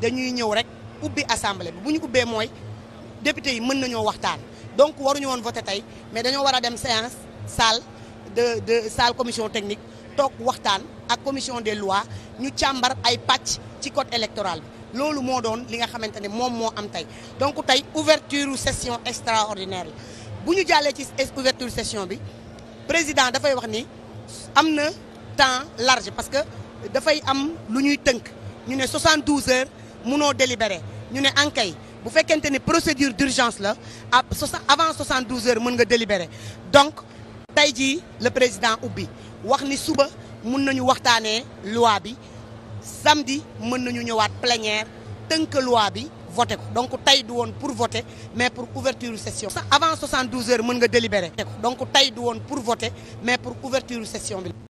dañuy ñëw rek ubbi assemblée bi bu ñu ubbee mooy député yi mën nañoo waxtaan donc waruñu woon voté tey mais dañoo war a dem séance salle de de salle commission technique toog waxtaan ak commission des lois ñu càmbar ay pàcc ci code électoral bi loolu moo doon li nga xamante ne moom moo am tey donc tey ouverture session extraordinaire la bu ñu jàllee ci ouverture session bi président dafay wax ni am na temps large parce que dafay am lu ñuy tënk ñu ne 72 munoo délibéré ñu ne ankay bu fekkente ni procédure d'urgence la ah avant 72 heures mën nga délibéré donc tey jii le président ubbi wax ni suba mun nañu waxtaanee loi bi samedi mën nañu ñëwaat plénière tënk loi bi voté ko donc tey du woon pour voté mais pour ouverture session sax avant 72 heures mën nga délibéré donc tey du woon pour voté mais pour ouverture session bi